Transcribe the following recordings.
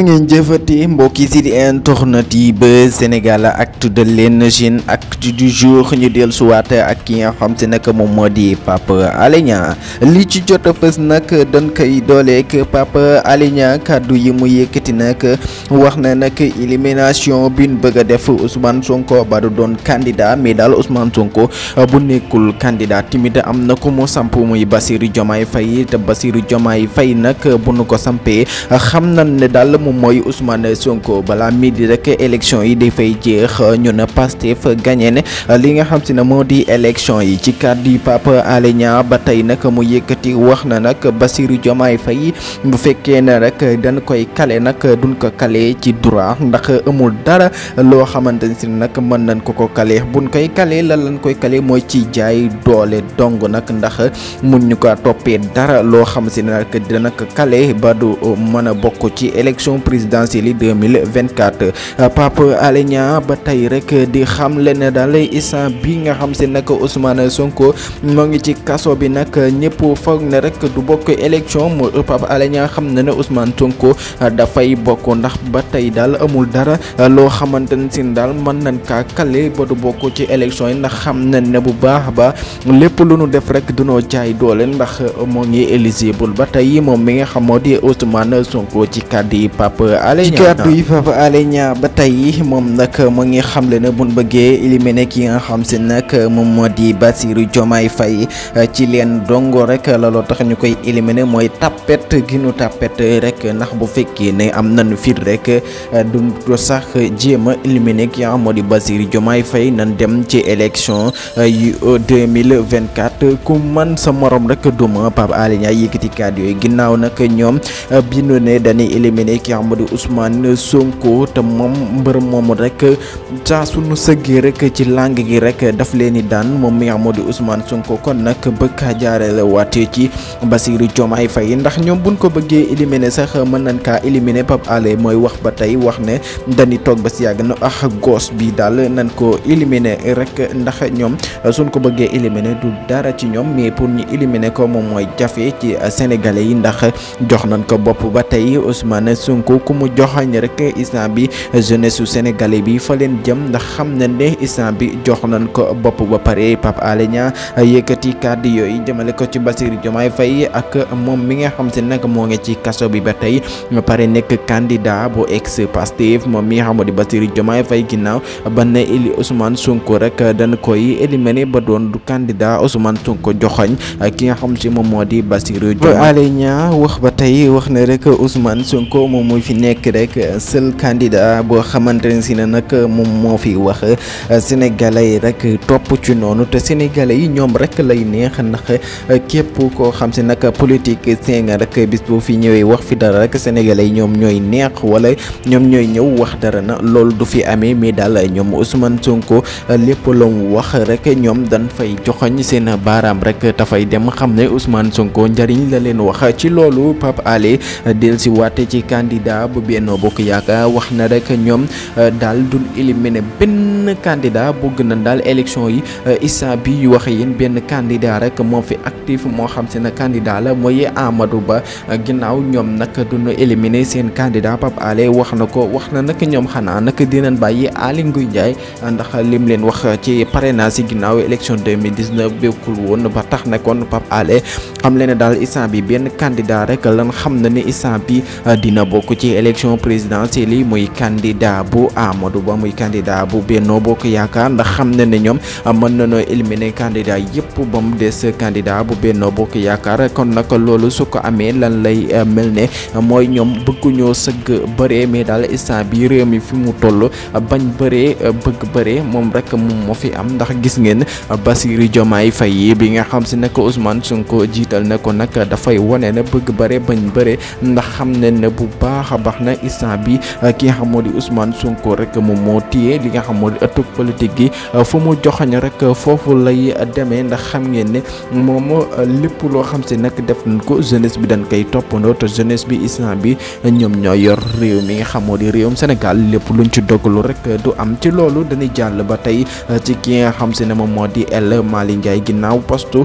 ngeen jëfati mbokki si di internet yi ba Sénégal actu de l'énergie actu du jour ñu dellu suwaat ak ki nga xam si nag moom moo di Pape Alé Niang li ci jot a fës nag dañ koy dooleek Pape Alé Niang kàddu yi mu yëkkati nag wax na nag élimination bi ñu bëgg a def Ousmane Sonko ba du doon candidat mais daal Ousmane Sonko bu nekkul candidat timit am na ko mu samp muy Bassirou Diomaye Faye te Bassirou Diomaye Faye nag bu ko sampee xam nañ ne daal. moom mooy Ousmane Sonko balaa midi rek élection yi dafay jeex ñu ne Pastef gagné ne li nga xam si ne moo di élection yi ci cadre du Pape Alé Niang ba tey nag mu yëkkati wax na nag Bassirou Diomaye Faye bu fekkee ne rek dana koy kale nag duñ ko kale ci droit ndax amul dara loo xamante ne si nag mën nañ ko ko kale bun koy kale lan lañ koy kale mooy ci jaay doole dong nag ndax mun ñu ko toppee dara loo xam si ne nag dina ko kale ba du mën bokk ci élection. élection présidentielle euh, ba tey rek di xam leen daal instant bi nga xam si nag Ousmane Sonko moo ngi ci kaso bi nag ñëpp foog ne rek du bokk élection mu Pape Alé Niang xam na ne Ousmane Sonko dafay bokk ndax ba tey daal amul dara loo xamante ne si daal man nañ kaa kale ba du bokk ci élection yi ndax xam na ne bu baax ba lépp lu nu def rek dunoo jaay doole ndax moo ngi éligible ba tey moom mi nga xamoo di Ousmane Sonko ci kàddu yi Pape Alé Niang ci kàddu yi Pape Alé Niang ba tey moom nag mu ngi xamle ne buñ bëggee éliminer ki nga xam si nag moom moo di Bassirou Diomaye fay eh, ci leen dongo rek laloo tax ñu koy éliminer mooy tapet gi nu tapet rek ndax bu fekkee ne am nañu fit rek eh, du sax jéem a éliminer ki nga moo di Bassirou Diomaye fay nan dem ci élection eh, yu 2024 ku man sa morom rek duma Pape Alé Niang yëkkati yooyu ginnaaw nag ñoom bi ñu ne dañuy éliminer kii ma di Ousmane Sonko te moom moomu rek saa sunu sëggee rek ci lang gi rek daf leen di daan moom mi moo di Ousmane Sonko kon nag bëgg jaarale waatee ci Bassirou Diomaye Faye ndax ñoom buñ ko bëggee éliminer sax mën nañ kaa éliminer Pape Alé mooy wax ba tey wax ne dañuy toog ba si yàgg na ah goos bi daal nañ ko éliminer rek ndax ñoom suñ ko bëggee éliminer du dara ci ñoom mais pour ñu éliminer ko moom mooy jafe ci sénégalais yi ndax jox nañ ko bopp ba tey Ousmane Sonko Sonko ku mu joxañ rek instant bi jeunesse su sénégalais bi fa leen jëm ndax xam na ne instant bi jox nañ ko bopp ba pare Pape Alé Niang yëkkati kàddu yooyu jëmale ko ci Bassirou Diomaye Faye ak moom mi nga xam si nag moo ngi ci kaso bi ba tey ba pare nekk candidat bu ex Pastef moom mi nga xam di Bassirou Diomaye Faye ginnaaw ba ne ili Ousmane Sonko rek dañ koy éliminé ba doon du candidat Ousmane Sonko joxoñ ki nga xam si moom moo di Bassirou Diomaye Alé wax ba tey wax na rek Ousmane Sonko moom moo fi nekk rek seul candidat boo xamante ne si ne nag moom moo fi wax sénégalais yi rek topp ci noonu te sénégalais yi ñoom rek lay neex ndax képp koo xam si nag politique seen rek bis boo ñëwee wax fi dara rek sénégalais yi ñoom ñooy neex wala ñoom ñooy ñëw wax dara na loolu du fi amee mais daal ñoom Ousmane Sonko lépp la mu wax rek ñoom dañ fay joxoñ seen baaraam rek dafay dem xam ne Ousmane Sonko njariñ la leen wax ci loolu Pape Alé waate ci candidat candidat bu Benno Bokk Yaakaar wax na rek ñoom euh, daal du éliminer benn candidat bëgg na daal élection yi euh, instant bi yu waxe yéen benn candidat rek moo fi actif moo xam si na candidat la mooy Amadou Ba euh, ginnaaw ñoom nag duñu éliminer seen candidat Pape Alé wax na ko wax na nag ñoom xanaa nag dinañ bàyyi Aly Ngouille Ndiaye ndax lim leen wax ci parrainage yi si élection 2019 bokkul woon ba tax ne kon Pape xam leen ne daal instant bi benn candidat rek lan xam na ne instant bi dina bokk bokk ci élection présidentielle yi muy candidat bu Amadou Ba muy candidat bu Benno Bokk Yaakaar ndax xam na ne ñoom mën nañoo éliminer candidat yëpp ba mu des candidat bu Benno Bokk Yaakaar kon nag loolu su ko amee lan lay eh, mel ne mooy ñoom bëgguñoo sëgg bëree mais daal instant bi réew mi fi mu toll bañ bare eh, bëgg bëree moom rek moom moo fi am ndax gis ngeen Bassirou fay Faye bi nga xam si nag Ousmane Sonko jiital na ko nag dafay wane na bëgg bëre bañ baax a baax na instant bi euh, ki nga xam moo di usmaan Sonko rek moom moo téye li nga xam moo di ëttub politique gi euh, fu mu joxoñ rek foofu lay demee ndax xam ngeen ne moom euh, lépp loo xam si nag def nañ ko jeunesse bi dañ koy toppandoo te jeunesse bi instant bi ñoom ñoo yor réew mi nga xam di réewum Sénégal lépp lu luñ ci dogalu rek du am ci loolu danuy jàll ba tey ci ki nga xam si ne moom moo di El Malick Ndiaye ginnaaw poste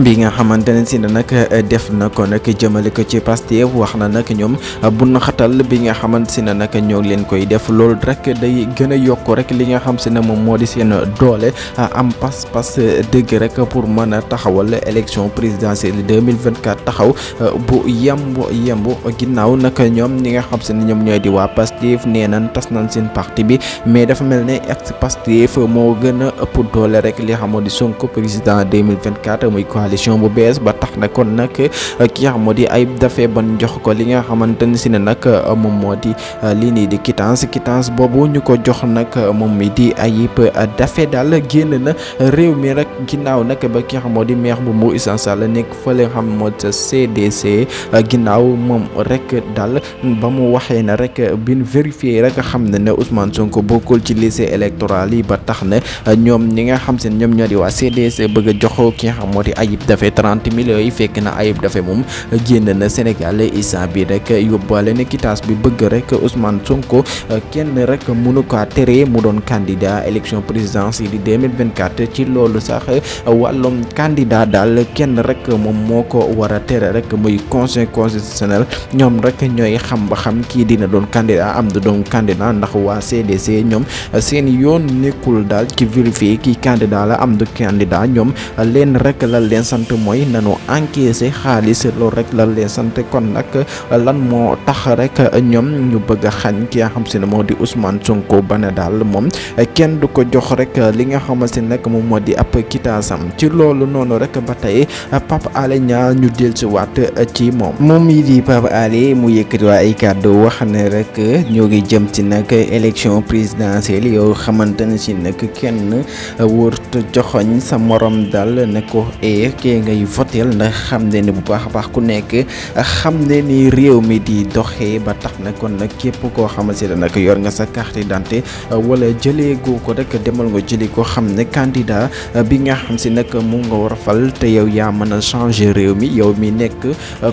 bi nga xamante ne si ne nag eh, def na ko nag jëmale ko ci Pastef wax na nag ñoom bu na xatal bi nga xamante si ne nag ñoo leen koy def lool rek day gën a yokk rek li nga xam si ne moom moo di seen doole eh, am pas-pas dëgg rek pour mën a taxawal élection présidentielle 2024 taxaw eh, bu yemb yemb ginnaaw nag ñoom ñi nga xam si ne ñoom ñooy di waa Pastef nee nañ tas nañ seen parti bi mais dafa mel ne ex Pastef moo gën a ëpp doole rek li xamoo di Sonko coalition bu bees ba tax na kon nag euh, ko li nga xamante ni si ne nag euh, moom moo di euh, lii nii di quittance quittance boobu ñu ko jox nag moom mi di Ayib Daffé dal génn na réew mi rek ginnaaw nag ba ki xam moo di maire bu Mbour Issa la nekk fële xam moo di CDC ginnaaw moom rek daal ba mu waxee na rek bi ñu vérifié xam na ne Ousmane Sonko bokkul ci lycée électoral yi ba tax na ñoom ñoo di waa CDC bëgg a jox ki xam moo di Ayib Ayib Daffé 30 millions yi fekk na Ayib Daffé moom génn na Sénégal instant bi rek yóbbaale na kitaas bi bëgg rek Ousmane Sonko kenn rek nu ko tere mu doon candidat élection présidentielle di 2024 ci loolu sax wàllum candidat daal kenn rek moom moo ko war a tere rek muy conseil constitutionnel ñoom rek ñooy xam ba xam kii dina doon candidat am du doon candidat ndax waa CDC ñoom seen yoon nekkul daal ci vérifier kii candidat la am du candidat ñoom leen rek la leen leen sant mooy nanu encaissé xaalis loolu rek lan leen sant kon nag lan moo tax rek ñoom ñu bëgg a xañ ki nga xam si ne moo di Ousmane Sonko ba daal moom kenn du ko jox rek li nga xamante ne nag moom moo di ab kitaasam ci loolu noonu rek ba tey Pape Alé Niang ñu dellusiwaat ci moom. moom yi di Pape Alé mu yëkkati waa ay kàddu wax ne rek ñoo ngi jëm ci nag élection présidentielle yow xamante ne si nag kenn wóorut joxoñ sa morom daal ne ko ee eh, fekkee ngay voteel ndax xam ne ni bu baax a baax ku nekk xam ne ni réew mi di doxee ba tax na kon nag képp koo xamante ne nag yor nga sa carte d'identité wala jëlee goo ko rek demal nga jëlee ko xam ne candidat bi nga xam si nag mu nga war a fal te yow yaa mën a changer réew mi yow mi nekk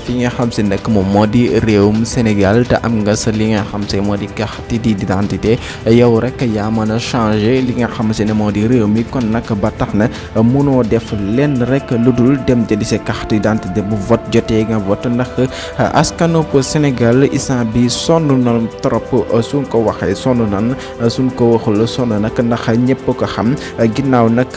fi nga xam si nag moom moo di réewum Sénégal te am nga sa li nga xam si moo di di d'identité yow rek yaa mën a changer li nga xam si ne moo di réew mi kon nag ba tax na mënoo def lenn rek. lu dul dem jëli sa carte d'identité bu vote jotee nga vote ndax ah, askanu Sénégal instant bi sonn na trop ah, suñ ko waxee sonn nan ah, suñ ko waxul sonn nag ndax ñëpp ko xam ginnaaw nag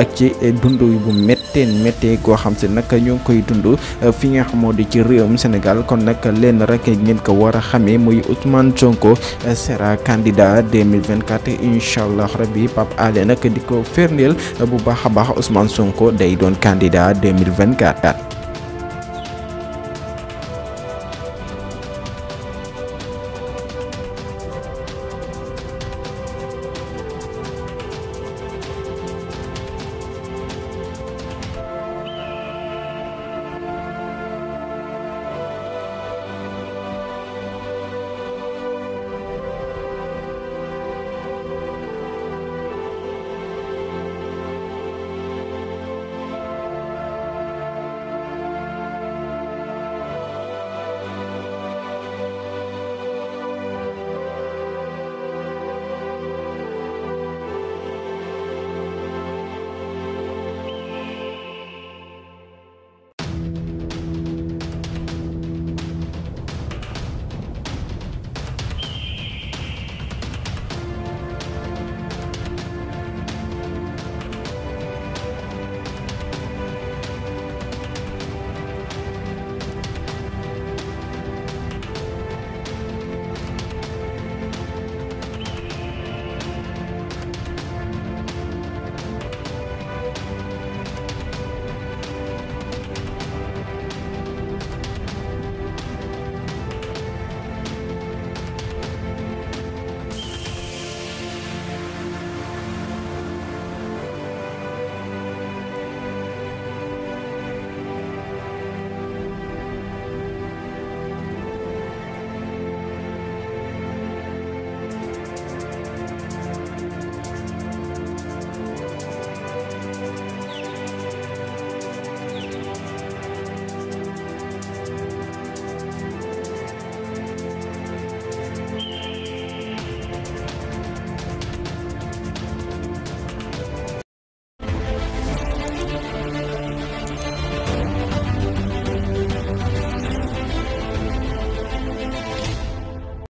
ak ci dund bu méttee méttee koo xam si nag ñoo ngi koy dund fi nga xamoo di ci réewum Sénégal kon nag lenn rek ngeen ko war a xamee muy Ousmane Sonko sera candidat 2024 incha allah rabi Pape Alé di ko firndeel bu baax baax Ousmane Sonko day doon candidat. candidat 2024